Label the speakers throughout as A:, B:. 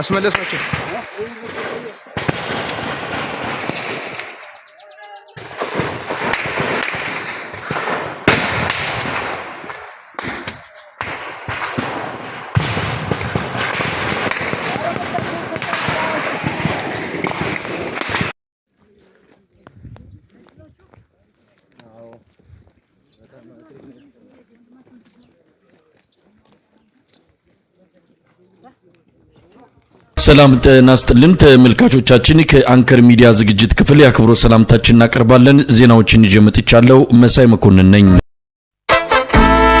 A: አስመለሷቸው። ሰላም ጤና ይስጥልን ተመልካቾቻችን፣ ከአንከር ሚዲያ ዝግጅት ክፍል የአክብሮት ሰላምታችን እናቀርባለን። ዜናዎችን ይዤ መጥቻለሁ። መሳይ መኮንን ነኝ።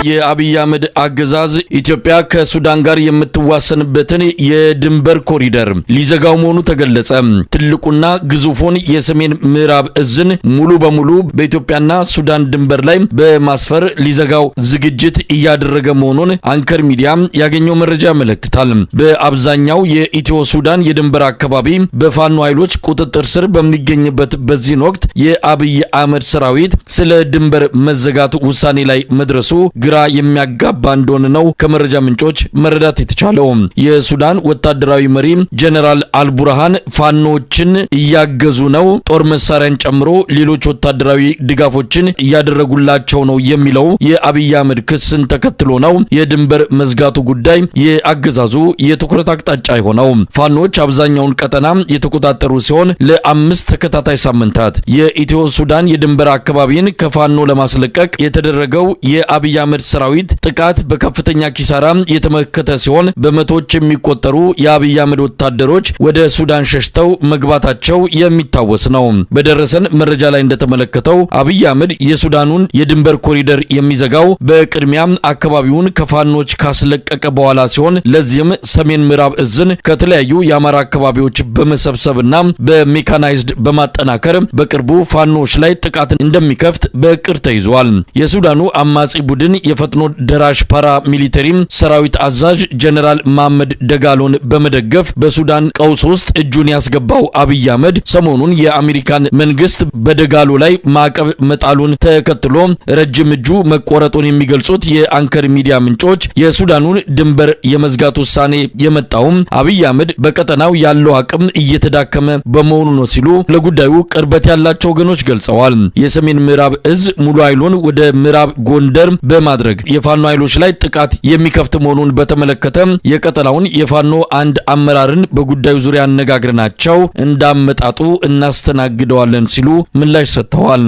A: የአብይ አህመድ አገዛዝ ኢትዮጵያ ከሱዳን ጋር የምትዋሰንበትን የድንበር ኮሪደር ሊዘጋው መሆኑ ተገለጸ። ትልቁና ግዙፉን የሰሜን ምዕራብ እዝን ሙሉ በሙሉ በኢትዮጵያና ሱዳን ድንበር ላይ በማስፈር ሊዘጋው ዝግጅት እያደረገ መሆኑን አንከር ሚዲያ ያገኘው መረጃ ያመለክታል። በአብዛኛው የኢትዮ ሱዳን የድንበር አካባቢ በፋኖ ኃይሎች ቁጥጥር ስር በሚገኝበት በዚህን ወቅት የአብይ አህመድ ሰራዊት ስለ ድንበር መዘጋት ውሳኔ ላይ መድረሱ ግራ የሚያጋባ እንደሆነ ነው ከመረጃ ምንጮች መረዳት የተቻለው። የሱዳን ወታደራዊ መሪ ጀነራል አልቡርሃን ፋኖችን እያገዙ ነው፣ ጦር መሳሪያን ጨምሮ ሌሎች ወታደራዊ ድጋፎችን እያደረጉላቸው ነው የሚለው የአብይ አህመድ ክስን ተከትሎ ነው የድንበር መዝጋቱ ጉዳይ የአገዛዙ የትኩረት አቅጣጫ የሆነው። ፋኖች አብዛኛውን ቀጠና የተቆጣጠሩ ሲሆን ለአምስት ተከታታይ ሳምንታት የኢትዮ ሱዳን የድንበር አካባቢን ከፋኖ ለማስለቀቅ የተደረገው የአብይ አህመድ የወያኔዎች ሰራዊት ጥቃት በከፍተኛ ኪሳራ የተመከተ ሲሆን በመቶዎች የሚቆጠሩ የአብይ አህመድ ወታደሮች ወደ ሱዳን ሸሽተው መግባታቸው የሚታወስ ነው። በደረሰን መረጃ ላይ እንደተመለከተው አብይ አህመድ የሱዳኑን የድንበር ኮሪደር የሚዘጋው በቅድሚያ አካባቢውን ከፋኖች ካስለቀቀ በኋላ ሲሆን ለዚህም ሰሜን ምዕራብ እዝን ከተለያዩ የአማራ አካባቢዎች በመሰብሰብና በሜካናይዝድ በማጠናከር በቅርቡ ፋኖች ላይ ጥቃት እንደሚከፍት በቅር ተይዟል። የሱዳኑ አማጺ ቡድን የፈጥኖ ደራሽ ፓራ ሚሊተሪም ሰራዊት አዛዥ ጀነራል መሐመድ ደጋሎን በመደገፍ በሱዳን ቀውስ ውስጥ እጁን ያስገባው አብይ አህመድ ሰሞኑን የአሜሪካን መንግስት በደጋሎ ላይ ማዕቀብ መጣሉን ተከትሎ ረጅም እጁ መቆረጡን የሚገልጹት የአንከር ሚዲያ ምንጮች የሱዳኑን ድንበር የመዝጋት ውሳኔ የመጣውም አብይ አህመድ በቀጠናው ያለው አቅም እየተዳከመ በመሆኑ ነው ሲሉ ለጉዳዩ ቅርበት ያላቸው ወገኖች ገልጸዋል። የሰሜን ምዕራብ እዝ ሙሉ ኃይሉን ወደ ምዕራብ ጎንደር በማድረግ በማድረግ የፋኖ ኃይሎች ላይ ጥቃት የሚከፍት መሆኑን በተመለከተ የቀጠናውን የፋኖ አንድ አመራርን በጉዳዩ ዙሪያ አነጋግረናቸው እንዳመጣጡ እናስተናግደዋለን ሲሉ ምላሽ ሰጥተዋል።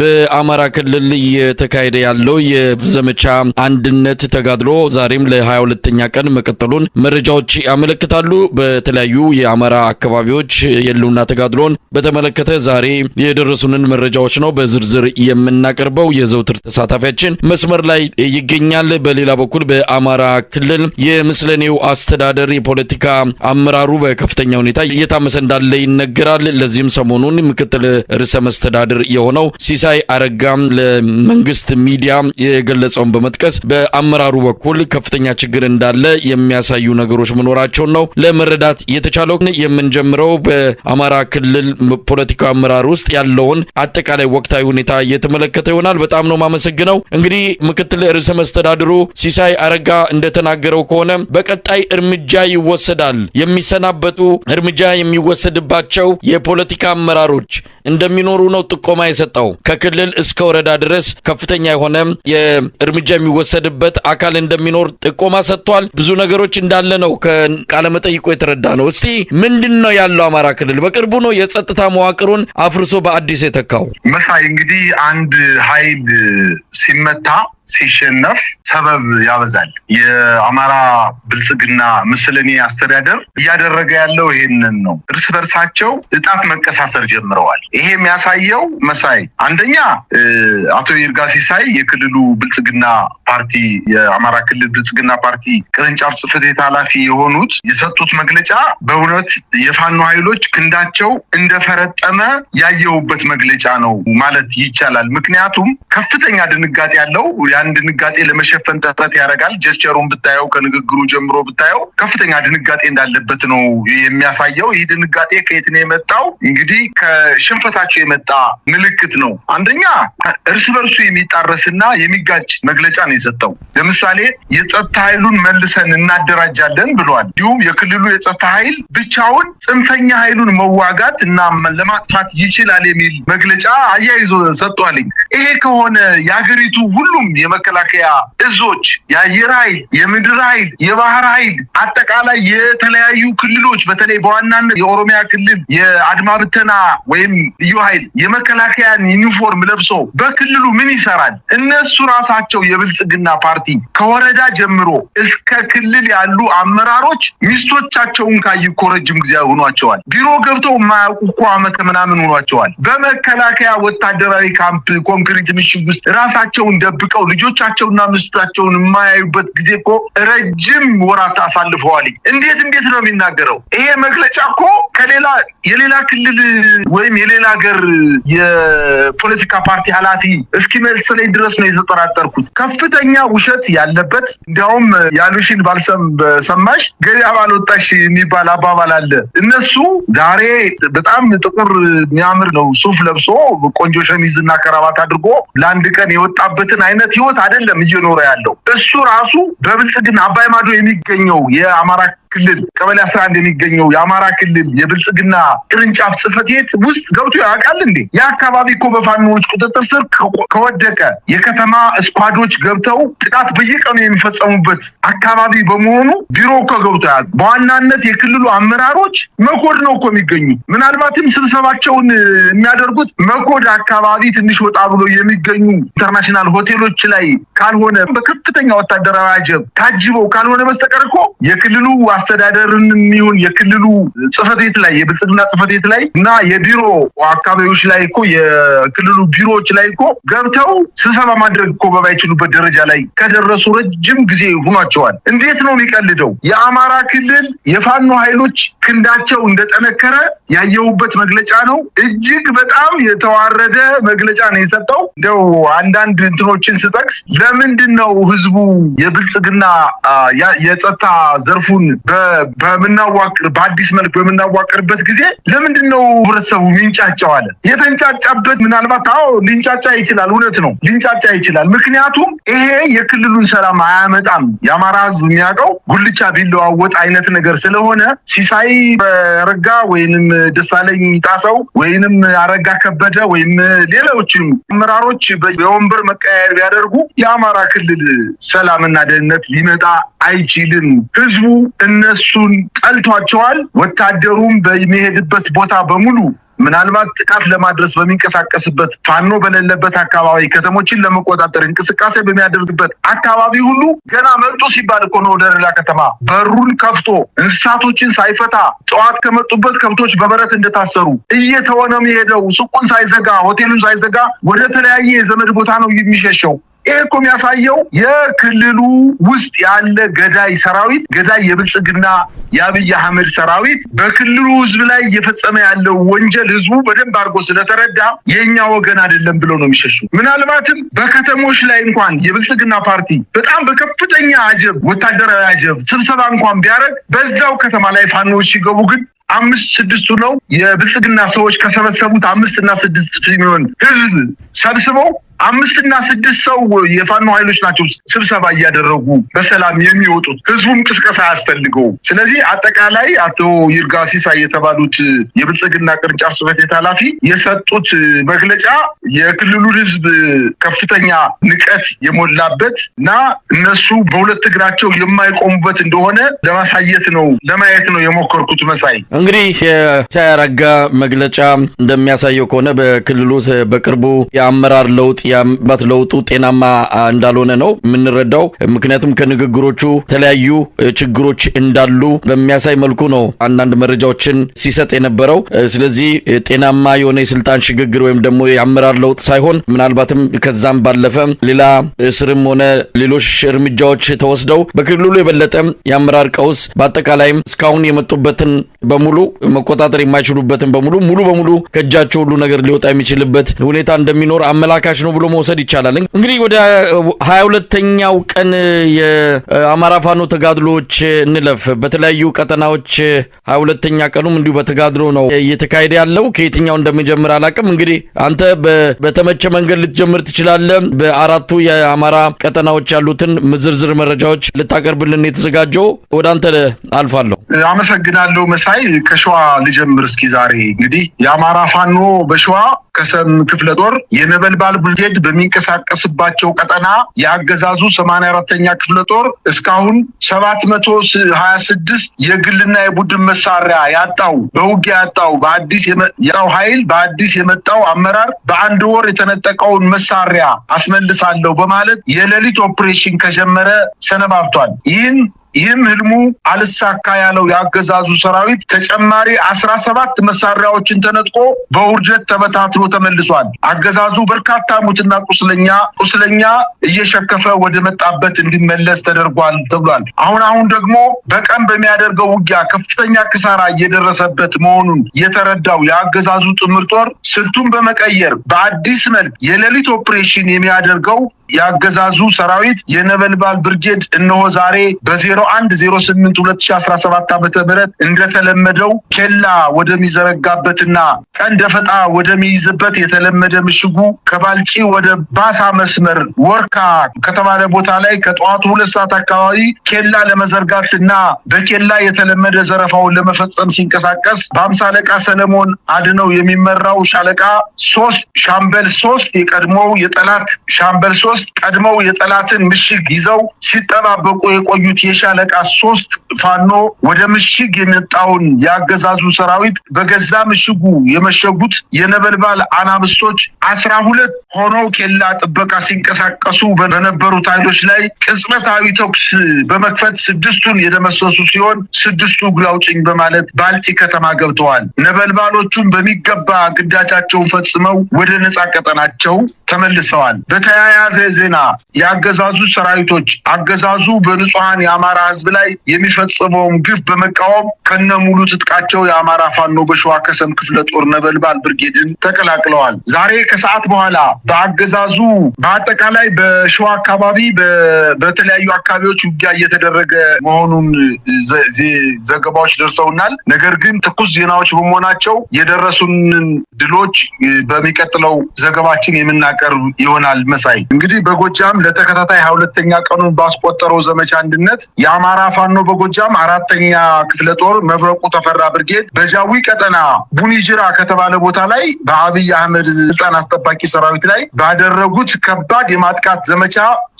A: በአማራ ክልል እየተካሄደ ያለው የዘመቻ አንድነት ተጋድሎ ዛሬም ለ22ኛ ቀን መቀጠሉን መረጃዎች ያመለክታሉ። በተለያዩ የአማራ አካባቢዎች የህልውና ተጋድሎን በተመለከተ ዛሬ የደረሱንን መረጃዎች ነው በዝርዝር የምናቀርበው። የዘውትር ተሳታፊያችን መስመር ላይ ይገኛል። በሌላ በኩል በአማራ ክልል የምስለኔው አስተዳደር የፖለቲካ አመራሩ በከፍተኛ ሁኔታ እየታመሰ እንዳለ ይነገራል። ለዚህም ሰሞኑን ምክትል ርዕሰ መስተዳድር የሆነው ሲሳ ሲሳይ አረጋም ለመንግስት ሚዲያ የገለጸውን በመጥቀስ በአመራሩ በኩል ከፍተኛ ችግር እንዳለ የሚያሳዩ ነገሮች መኖራቸውን ነው ለመረዳት የተቻለው። የምንጀምረው በአማራ ክልል ፖለቲካ አመራር ውስጥ ያለውን አጠቃላይ ወቅታዊ ሁኔታ እየተመለከተ ይሆናል። በጣም ነው ማመሰግነው። እንግዲህ ምክትል ርዕሰ መስተዳድሩ ሲሳይ አረጋ እንደተናገረው ከሆነ በቀጣይ እርምጃ ይወሰዳል። የሚሰናበቱ እርምጃ የሚወሰድባቸው የፖለቲካ አመራሮች እንደሚኖሩ ነው ጥቆማ የሰጠው። ከክልል እስከ ወረዳ ድረስ ከፍተኛ የሆነ የእርምጃ የሚወሰድበት አካል እንደሚኖር ጥቆማ ሰጥቷል። ብዙ ነገሮች እንዳለ ነው ከቃለመጠይቁ የተረዳ ነው። እስቲ ምንድን ነው ያለው አማራ ክልል በቅርቡ ነው የጸጥታ መዋቅሩን አፍርሶ በአዲስ የተካው
B: መሳይ እንግዲህ አንድ ኃይል ሲመታ ሲሸነፍ ሰበብ ያበዛል። የአማራ ብልጽግና ምስልን አስተዳደር እያደረገ ያለው ይሄንን ነው። እርስ በርሳቸው እጣት መቀሳሰር ጀምረዋል። ይሄ የሚያሳየው መሳይ አንደኛ አቶ ይርጋ ሲሳይ የክልሉ ብልጽግና ፓርቲ የአማራ ክልል ብልጽግና ፓርቲ ቅርንጫፍ ጽሕፈት ቤት ኃላፊ የሆኑት የሰጡት መግለጫ በእውነት የፋኖ ኃይሎች ክንዳቸው እንደፈረጠመ ያየሁበት መግለጫ ነው ማለት ይቻላል። ምክንያቱም ከፍተኛ ድንጋጤ ያለው ያን ድንጋጤ ለመሸፈን ጥረት ያደርጋል። ጀስቸሩን ብታየው ከንግግሩ ጀምሮ ብታየው ከፍተኛ ድንጋጤ እንዳለበት ነው የሚያሳየው። ይህ ድንጋጤ ከየት ነው የመጣው? እንግዲህ ከሽንፈታቸው የመጣ ምልክት ነው። አንደኛ እርስ በርሱ የሚጣረስና የሚጋጭ መግለጫ ነው የሰጠው። ለምሳሌ የጸጥታ ኃይሉን መልሰን እናደራጃለን ብሏል። እንዲሁም የክልሉ የጸጥታ ኃይል ብቻውን ጽንፈኛ ኃይሉን መዋጋት እና ለማጥፋት ይችላል የሚል መግለጫ አያይዞ ሰጥቷልኝ። ይሄ ከሆነ የሀገሪቱ ሁሉም የመከላከያ እዞች፣ የአየር ኃይል፣ የምድር ኃይል፣ የባህር ኃይል አጠቃላይ የተለያዩ ክልሎች በተለይ በዋናነት የኦሮሚያ ክልል የአድማ ብተና ወይም ልዩ ኃይል የመከላከያን ዩኒፎርም ለብሶ በክልሉ ምን ይሰራል? እነሱ ራሳቸው የብልጽግና ፓርቲ ከወረዳ ጀምሮ እስከ ክልል ያሉ አመራሮች ሚስቶቻቸውን ካዩ እኮ ረጅም ጊዜ ሆኗቸዋል። ቢሮ ገብተው የማያውቁ እኮ አመተ ምናምን ሆኗቸዋል። በመከላከያ ወታደራዊ ካምፕ ኮንክሪት ምሽግ ውስጥ ራሳቸውን ደብቀው ልጆቻቸውና ምስታቸውን የማያዩበት ጊዜ እኮ ረጅም ወራት አሳልፈዋል። እንዴት እንዴት ነው የሚናገረው? ይሄ መግለጫ እኮ ከሌላ የሌላ ክልል ወይም የሌላ ሀገር የፖለቲካ ፓርቲ ኃላፊ እስኪመስለኝ ድረስ ነው የተጠራጠርኩት። ከፍተኛ ውሸት ያለበት እንዲያውም ያሉሽን ባልሰም በሰማሽ ገበያ ባልወጣሽ የሚባል አባባል አለ። እነሱ ዛሬ በጣም ጥቁር የሚያምር ነው ሱፍ ለብሶ ቆንጆ ሸሚዝ እና ከረባት አድርጎ ለአንድ ቀን የወጣበትን አይነት ህይወት አይደለም እየኖረ ያለው እሱ ራሱ በብልጽግና አባይ ማዶ የሚገኘው የአማራ ክልል ቀበሌ አስራ አንድ የሚገኘው የአማራ ክልል የብልጽግና ቅርንጫፍ ጽህፈት ቤት ውስጥ ገብቶ ያውቃል እንዴ? የአካባቢ እኮ በፋኖዎች ቁጥጥር ስር ከወደቀ የከተማ ስኳዶች ገብተው ጥቃት በየቀኑ የሚፈጸሙበት አካባቢ በመሆኑ ቢሮ እኮ ያ በዋናነት የክልሉ አመራሮች መኮድ ነው እኮ የሚገኙ ምናልባትም ስብሰባቸውን የሚያደርጉት መኮድ አካባቢ ትንሽ ወጣ ብሎ የሚገኙ ኢንተርናሽናል ሆቴሎች ላይ ካልሆነ በከፍተኛ ወታደራዊ አጀብ ታጅበው ካልሆነ በስተቀር እኮ የክልሉ አስተዳደርን የሚሆን የክልሉ ጽህፈት ቤት ላይ የብልጽግና ጽፈት ቤት ላይ እና የቢሮ አካባቢዎች ላይ እኮ የክልሉ ቢሮዎች ላይ እኮ ገብተው ስብሰባ ማድረግ እኮ በማይችሉበት ደረጃ ላይ ከደረሱ ረጅም ጊዜ ሆኗቸዋል። እንዴት ነው የሚቀልደው? የአማራ ክልል የፋኖ ኃይሎች ክንዳቸው እንደጠነከረ ያየሁበት መግለጫ ነው። እጅግ በጣም የተዋረደ መግለጫ ነው የሰጠው። እንደው አንዳንድ እንትኖችን ስጠቅስ ለምንድን ነው ህዝቡ የብልጽግና የጸጥታ ዘርፉን በምናዋቅር በአዲስ መልክ በምናዋቅርበት ጊዜ ለምንድን ነው ህብረተሰቡ ሚንጫጫው? አለ የተንጫጫበት ምናልባት አዎ ሊንጫጫ ይችላል። እውነት ነው፣ ሊንጫጫ ይችላል። ምክንያቱም ይሄ የክልሉን ሰላም አያመጣም። የአማራ ህዝብ የሚያውቀው ጉልቻ ቢለዋወጥ አይነት ነገር ስለሆነ ሲሳይ በረጋ ወይንም ደሳለኝ ጣሰው ወይንም አረጋ ከበደ ወይም ሌሎችም አመራሮች የወንበር መቀያየር ቢያደርጉ የአማራ ክልል ሰላምና ደህንነት ሊመጣ አይችልም። ህዝቡ እነሱን ጠልቷቸዋል። ወታደሩም በሚሄድበት ቦታ በሙሉ ምናልባት ጥቃት ለማድረስ በሚንቀሳቀስበት ፋኖ በሌለበት አካባቢ ከተሞችን ለመቆጣጠር እንቅስቃሴ በሚያደርግበት አካባቢ ሁሉ ገና መጡ ሲባል እኮ ነው ወደ ከተማ በሩን ከፍቶ እንስሳቶችን ሳይፈታ ጠዋት ከመጡበት ከብቶች በበረት እንደታሰሩ እየተወነም የሄደው ሱቁን ሳይዘጋ ሆቴሉን ሳይዘጋ ወደ ተለያየ የዘመድ ቦታ ነው የሚሸሸው። ይህ እኮ የሚያሳየው የክልሉ ውስጥ ያለ ገዳይ ሰራዊት ገዳይ የብልጽግና የአብይ አህመድ ሰራዊት በክልሉ ህዝብ ላይ እየፈጸመ ያለው ወንጀል ህዝቡ በደንብ አድርጎ ስለተረዳ የእኛ ወገን አይደለም ብሎ ነው የሚሸሹ። ምናልባትም በከተሞች ላይ እንኳን የብልጽግና ፓርቲ በጣም በከፍተኛ አጀብ ወታደራዊ አጀብ ስብሰባ እንኳን ቢያደርግ በዛው ከተማ ላይ ፋኖዎች ሲገቡ ግን አምስት ስድስቱ ነው የብልጽግና ሰዎች ከሰበሰቡት አምስት እና ስድስት የሚሆን ህዝብ ሰብስበው አምስትና ስድስት ሰው የፋኖ ኃይሎች ናቸው ስብሰባ እያደረጉ በሰላም የሚወጡት። ህዝቡም ቅስቀሳ አያስፈልገው። ስለዚህ አጠቃላይ አቶ ይርጋ ሲሳይ የተባሉት የብልጽግና ቅርንጫፍ ጽሕፈት ቤት ኃላፊ የሰጡት መግለጫ የክልሉን ህዝብ ከፍተኛ ንቀት የሞላበት እና እነሱ በሁለት እግራቸው የማይቆሙበት እንደሆነ ለማሳየት ነው ለማየት ነው የሞከርኩት። መሳይ
A: እንግዲህ የሳያረጋ መግለጫ እንደሚያሳየው ከሆነ በክልሉ በቅርቡ የአመራር ለውጥ የአመት ለውጡ ጤናማ እንዳልሆነ ነው የምንረዳው። ምክንያቱም ከንግግሮቹ የተለያዩ ችግሮች እንዳሉ በሚያሳይ መልኩ ነው አንዳንድ መረጃዎችን ሲሰጥ የነበረው። ስለዚህ ጤናማ የሆነ የስልጣን ሽግግር ወይም ደግሞ የአመራር ለውጥ ሳይሆን ምናልባትም ከዛም ባለፈ ሌላ እስርም ሆነ ሌሎች እርምጃዎች ተወስደው በክልሉ የበለጠ የአመራር ቀውስ በአጠቃላይም እስካሁን የመጡበትን በሙሉ መቆጣጠር የማይችሉበትን በሙሉ ሙሉ በሙሉ ከእጃቸው ሁሉ ነገር ሊወጣ የሚችልበት ሁኔታ እንደሚኖር አመላካች ነው። ብሎ መውሰድ ይቻላል። እንግዲህ ወደ ሀያ ሁለተኛው ቀን የአማራ ፋኖ ተጋድሎዎች እንለፍ። በተለያዩ ቀጠናዎች ሀያ ሁለተኛ ቀኑም እንዲሁ በተጋድሎ ነው እየተካሄደ ያለው። ከየትኛው እንደምጀምር አላቅም። እንግዲህ አንተ በተመቸ መንገድ ልትጀምር ትችላለህ። በአራቱ የአማራ ቀጠናዎች ያሉትን ምዝርዝር መረጃዎች ልታቀርብልን የተዘጋጀው ወደ አንተ አልፋለሁ።
B: አመሰግናለሁ መሳይ። ከሸዋ ልጀምር እስኪ ዛሬ እንግዲህ የአማራ ፋኖ በሸዋ ከሰም ክፍለ ጦር የነበልባል ቡልጌ ብርጌድ በሚንቀሳቀስባቸው ቀጠና የአገዛዙ ሰማንያ አራተኛ ክፍለ ጦር እስካሁን ሰባት መቶ ሀያ ስድስት የግልና የቡድን መሳሪያ ያጣው በውጊያ ያጣው በአዲስ ያው ኃይል በአዲስ የመጣው አመራር በአንድ ወር የተነጠቀውን መሳሪያ አስመልሳለሁ በማለት የሌሊት ኦፕሬሽን ከጀመረ ሰነባብቷል። ይህን ይህም ህልሙ አልሳካ ያለው የአገዛዙ ሰራዊት ተጨማሪ አስራ ሰባት መሳሪያዎችን ተነጥቆ በውርጀት ተበታትኖ ተመልሷል። አገዛዙ በርካታ ሙትና ቁስለኛ ቁስለኛ እየሸከፈ ወደ መጣበት እንዲመለስ ተደርጓል ተብሏል። አሁን አሁን ደግሞ በቀን በሚያደርገው ውጊያ ከፍተኛ ክሳራ እየደረሰበት መሆኑን የተረዳው የአገዛዙ ጥምር ጦር ስልቱን በመቀየር በአዲስ መልክ የሌሊት ኦፕሬሽን የሚያደርገው ያገዛዙ ሰራዊት የነበልባል ብርጌድ እነሆ ዛሬ በዜሮ አንድ ዜሮ ስምንት ሁለት ሺ አስራ ሰባት ዓመተ ምህረት እንደተለመደው ኬላ ወደሚዘረጋበትና ቀን ደፈጣ ወደሚይዝበት የተለመደ ምሽጉ ከባልጪ ወደ ባሳ መስመር ወርካ ከተባለ ቦታ ላይ ከጠዋቱ ሁለት ሰዓት አካባቢ ኬላ ለመዘርጋት እና በኬላ የተለመደ ዘረፋውን ለመፈጸም ሲንቀሳቀስ በአምሳ አለቃ ሰለሞን አድነው የሚመራው ሻለቃ ሶስት ሻምበል ሶስት የቀድሞው የጠላት ሻምበል ሶስት ውስጥ ቀድመው የጠላትን ምሽግ ይዘው ሲጠባበቁ የቆዩት የሻለቃ ሶስት ፋኖ ወደ ምሽግ የመጣውን የአገዛዙ ሰራዊት በገዛ ምሽጉ የመሸጉት የነበልባል አናብስቶች አስራ ሁለት ሆነው ኬላ ጥበቃ ሲንቀሳቀሱ በነበሩት ኃይሎች ላይ ቅጽበታዊ ተኩስ በመክፈት ስድስቱን የደመሰሱ ሲሆን ስድስቱ ጉላውጭኝ በማለት ባልቲ ከተማ ገብተዋል። ነበልባሎቹም በሚገባ ግዳጃቸውን ፈጽመው ወደ ነጻ ቀጠናቸው ተመልሰዋል። በተያያዘ ዜና የአገዛዙ ሰራዊቶች አገዛዙ በንጹሐን የአማራ ህዝብ ላይ የሚፈጽመውን ግፍ በመቃወም ከነ ሙሉ ትጥቃቸው የአማራ ፋኖ በሸዋ ከሰም ክፍለ ጦር ነበልባል ብርጌድን ተቀላቅለዋል። ዛሬ ከሰዓት በኋላ በአገዛዙ በአጠቃላይ በሸዋ አካባቢ በተለያዩ አካባቢዎች ውጊያ እየተደረገ መሆኑን ዘገባዎች ደርሰውናል። ነገር ግን ትኩስ ዜናዎች በመሆናቸው የደረሱንን ድሎች በሚቀጥለው ዘገባችን የምናቀርብ ይሆናል። መሳይ እንግዲህ እንግዲህ በጎጃም ለተከታታይ ሀያ ሁለተኛ ቀኑን ባስቆጠረው ዘመቻ አንድነት የአማራ ፋኖ በጎጃም አራተኛ ክፍለ ጦር መብረቁ ተፈራ ብርጌድ በጃዊ ቀጠና ቡኒጅራ ከተባለ ቦታ ላይ በአብይ አህመድ ስልጣን አስጠባቂ ሰራዊት ላይ ባደረጉት ከባድ የማጥቃት ዘመቻ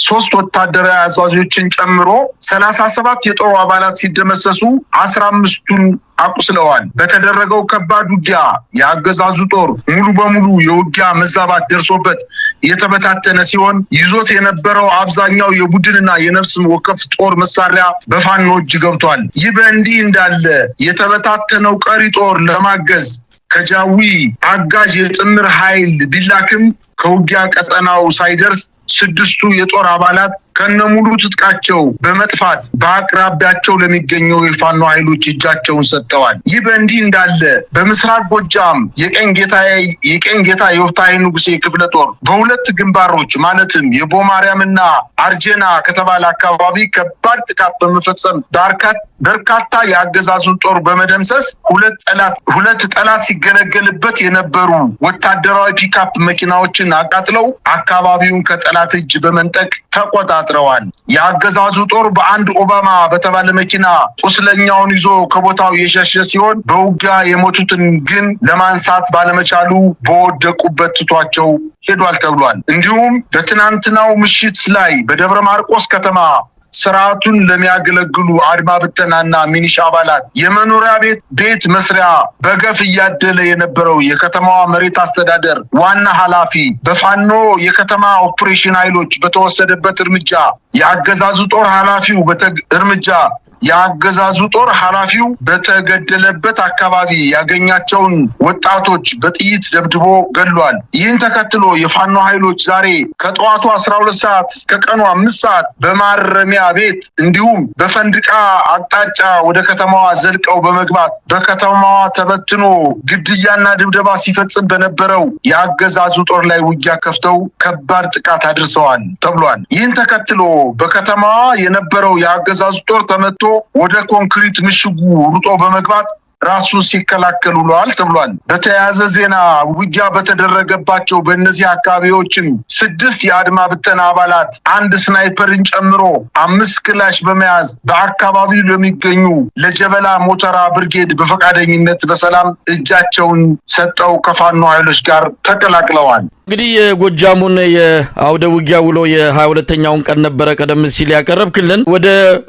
B: ሶስት ወታደራዊ አዛዦችን ጨምሮ ሰላሳ ሰባት የጦሩ አባላት ሲደመሰሱ አስራ አምስቱን አቁስለዋል። በተደረገው ከባድ ውጊያ የአገዛዙ ጦር ሙሉ በሙሉ የውጊያ መዛባት ደርሶበት የተበታተነ ሲሆን ይዞት የነበረው አብዛኛው የቡድንና የነፍስ ወከፍ ጦር መሳሪያ በፋኖ እጅ ገብቷል። ይህ በእንዲህ እንዳለ የተበታተነው ቀሪ ጦር ለማገዝ ከጃዊ አጋዥ የጥምር ኃይል ቢላክም ከውጊያ ቀጠናው ሳይደርስ ስድስቱ የጦር አባላት ከነሙሉ ትጥቃቸው በመጥፋት በአቅራቢያቸው ለሚገኘው የፋኖ ኃይሎች እጃቸውን ሰጥተዋል። ይህ በእንዲህ እንዳለ በምስራቅ ጎጃም የቀኝ ጌታ የወፍታሔ ንጉሴ ክፍለ ጦር በሁለት ግንባሮች ማለትም የቦማርያምና አርጀና ከተባለ አካባቢ ከባድ ጥቃት በመፈጸም በርካታ የአገዛዙን ጦር በመደምሰስ ሁለት ጠላት ሁለት ጠላት ሲገለገልበት የነበሩ ወታደራዊ ፒካፕ መኪናዎችን አቃጥለው አካባቢውን ከጠላት እጅ በመንጠቅ ተቆጣ ተቆጣጥረዋል። የአገዛዙ ጦር በአንድ ኦባማ በተባለ መኪና ቁስለኛውን ይዞ ከቦታው የሸሸ ሲሆን በውጊያ የሞቱትን ግን ለማንሳት ባለመቻሉ በወደቁበት ትቷቸው ሄዷል ተብሏል። እንዲሁም በትናንትናው ምሽት ላይ በደብረ ማርቆስ ከተማ ስርዓቱን ለሚያገለግሉ አድማ ብተናና ሚኒሻ አባላት የመኖሪያ ቤት ቤት መስሪያ በገፍ እያደለ የነበረው የከተማዋ መሬት አስተዳደር ዋና ኃላፊ በፋኖ የከተማ ኦፕሬሽን ኃይሎች በተወሰደበት እርምጃ የአገዛዙ ጦር ኃላፊው እርምጃ የአገዛዙ ጦር ኃላፊው በተገደለበት አካባቢ ያገኛቸውን ወጣቶች በጥይት ደብድቦ ገድሏል። ይህን ተከትሎ የፋኖ ኃይሎች ዛሬ ከጠዋቱ አስራ ሁለት ሰዓት እስከ ቀኑ አምስት ሰዓት በማረሚያ ቤት እንዲሁም በፈንድቃ አቅጣጫ ወደ ከተማዋ ዘልቀው በመግባት በከተማዋ ተበትኖ ግድያና ድብደባ ሲፈጽም በነበረው የአገዛዙ ጦር ላይ ውጊያ ከፍተው ከባድ ጥቃት አድርሰዋል ተብሏል። ይህን ተከትሎ በከተማዋ የነበረው የአገዛዙ ጦር ተመቶ ወደ ኮንክሪት ምሽጉ ሩጦ በመግባት ራሱን ሲከላከሉ ውለዋል ተብሏል። በተያያዘ ዜና ውጊያ በተደረገባቸው በእነዚህ አካባቢዎችም ስድስት የአድማ ብተና አባላት አንድ ስናይፐርን ጨምሮ አምስት ክላሽ በመያዝ በአካባቢው ለሚገኙ ለጀበላ ሞተራ ብርጌድ በፈቃደኝነት በሰላም እጃቸውን ሰጠው ከፋኖ ኃይሎች ጋር ተቀላቅለዋል።
A: እንግዲህ የጎጃሙን የአውደ ውጊያ ውሎ የሀያ ሁለተኛውን ቀን ነበረ ቀደም ሲል ያቀረብክልን። ወደ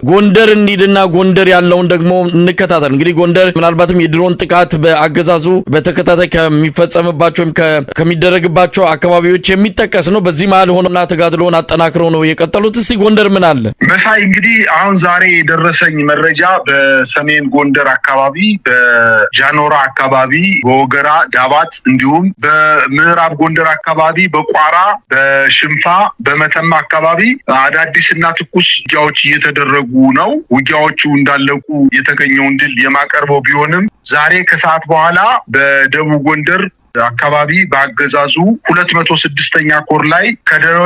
A: ጎንደር እንሂድና ጎንደር ያለውን ደግሞ እንከታተል። እንግዲህ ጎንደር ምናልባትም የድሮን ጥቃት በአገዛዙ በተከታታይ ከሚፈጸምባቸው ወይም ከሚደረግባቸው አካባቢዎች የሚጠቀስ ነው። በዚህ መሀል ሆነና ተጋድሎውን አጠናክረው ነው የቀጠሉት። እስቲ ጎንደር ምን አለ
B: መሳይ? እንግዲህ አሁን ዛሬ የደረሰኝ መረጃ በሰሜን ጎንደር አካባቢ፣ በጃኖራ አካባቢ፣ በወገራ ዳባት እንዲሁም በምዕራብ ጎንደር አካባቢ በቋራ በሽንፋ በመተማ አካባቢ አዳዲስ እና ትኩስ ውጊያዎች እየተደረጉ ነው። ውጊያዎቹ እንዳለቁ የተገኘውን ድል የማቀርበው ቢሆንም ዛሬ ከሰዓት በኋላ በደቡብ ጎንደር አካባቢ በአገዛዙ ሁለት መቶ ስድስተኛ ኮር ላይ ከደብረ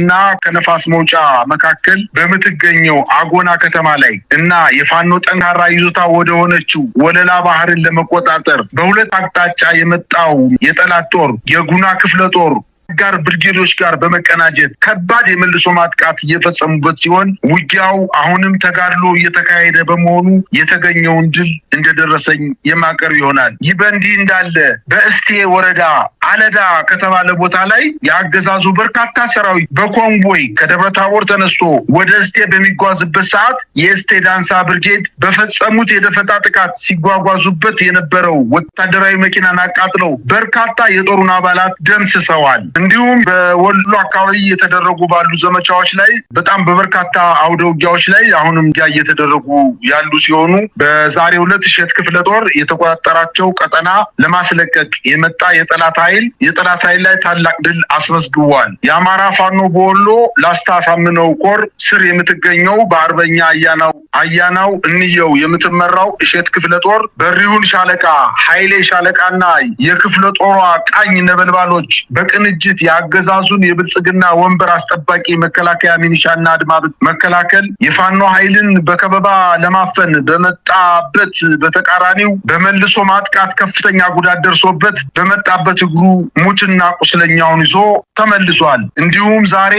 B: እና ከነፋስ መውጫ መካከል በምትገኘው አጎና ከተማ ላይ እና የፋኖ ጠንካራ ይዞታ ወደ ሆነችው ወለላ ባህርን ለመቆጣጠር በሁለት አቅጣጫ የመጣው የጠላት ጦር የጉና ክፍለ ጦር አጋር ብርጌዶች ጋር በመቀናጀት ከባድ የመልሶ ማጥቃት እየፈጸሙበት ሲሆን ውጊያው አሁንም ተጋድሎ እየተካሄደ በመሆኑ የተገኘውን ድል እንደደረሰኝ የማቀርብ ይሆናል። ይህ በእንዲህ እንዳለ በእስቴ ወረዳ አለዳ ከተባለ ቦታ ላይ የአገዛዙ በርካታ ሰራዊት በኮንቮይ ከደብረታቦር ተነስቶ ወደ እስቴ በሚጓዝበት ሰዓት የእስቴ ዳንሳ ብርጌድ በፈጸሙት የደፈጣ ጥቃት ሲጓጓዙበት የነበረው ወታደራዊ መኪናን አቃጥለው በርካታ የጦሩን አባላት ደምስሰዋል። እንዲሁም በወሎ አካባቢ እየተደረጉ ባሉ ዘመቻዎች ላይ በጣም በበርካታ አውደ ውጊያዎች ላይ አሁንም ውጊያ እየተደረጉ ያሉ ሲሆኑ በዛሬው ዕለት እሸት ክፍለ ጦር የተቆጣጠራቸው ቀጠና ለማስለቀቅ የመጣ የጠላት ኃይል የጠላት ኃይል ላይ ታላቅ ድል አስመዝግቧል። የአማራ ፋኖ በወሎ ላስታ አሳምነው ኮር ስር የምትገኘው በአርበኛ አያናው አያናው እንየው የምትመራው እሸት ክፍለ ጦር በሪሁን ሻለቃ ኃይሌ ሻለቃና የክፍለ ጦሯ ቃኝ ነበልባሎች በቅንጅ ድርጅት የአገዛዙን የብልጽግና ወንበር አስጠባቂ መከላከያ ሚኒሻና አድማ መከላከል የፋኖ ኃይልን በከበባ ለማፈን በመጣበት በተቃራኒው በመልሶ ማጥቃት ከፍተኛ ጉዳት ደርሶበት በመጣበት እግሩ ሙትና ቁስለኛውን ይዞ ተመልሷል። እንዲሁም ዛሬ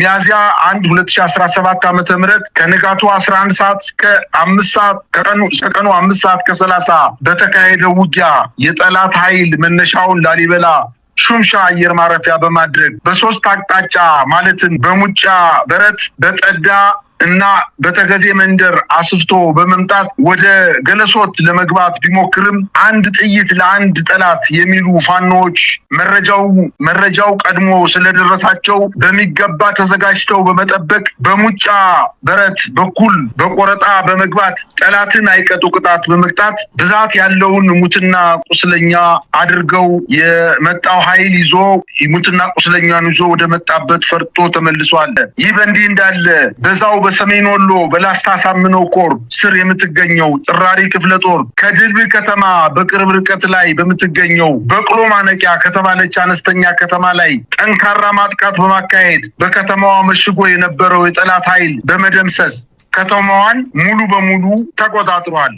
B: ሚያዚያ አንድ ሁለት ሺ አስራ ሰባት ዓመተ ምህረት ከንጋቱ አስራ አንድ ሰዓት እስከ አምስት ሰዓት ከቀኑ አምስት ሰዓት ከሰላሳ በተካሄደው ውጊያ የጠላት ኃይል መነሻውን ላሊበላ ሹምሻ አየር ማረፊያ በማድረግ በሶስት አቅጣጫ ማለትም በሙጫ በረት፣ በጸዳ እና በተከዜ መንደር አስፍቶ በመምጣት ወደ ገለሶት ለመግባት ቢሞክርም አንድ ጥይት ለአንድ ጠላት የሚሉ ፋኖዎች መረጃው መረጃው ቀድሞ ስለደረሳቸው በሚገባ ተዘጋጅተው በመጠበቅ በሙጫ በረት በኩል በቆረጣ በመግባት ጠላትን አይቀጡ ቅጣት በመቅጣት ብዛት ያለውን ሙትና ቁስለኛ አድርገው የመጣው ኃይል ይዞ ሙትና ቁስለኛን ይዞ ወደ መጣበት ፈርጦ ተመልሷል። ይህ በእንዲህ እንዳለ በዛው በሰሜን ወሎ በላስታ ሳምኖ ኮር ስር የምትገኘው ጥራሪ ክፍለ ጦር ከድልብ ከተማ በቅርብ ርቀት ላይ በምትገኘው በቅሎ ማነቂያ ከተባለች አነስተኛ ከተማ ላይ ጠንካራ ማጥቃት በማካሄድ በከተማዋ መሽጎ የነበረው የጠላት ኃይል በመደምሰስ ከተማዋን ሙሉ በሙሉ ተቆጣጥሯል።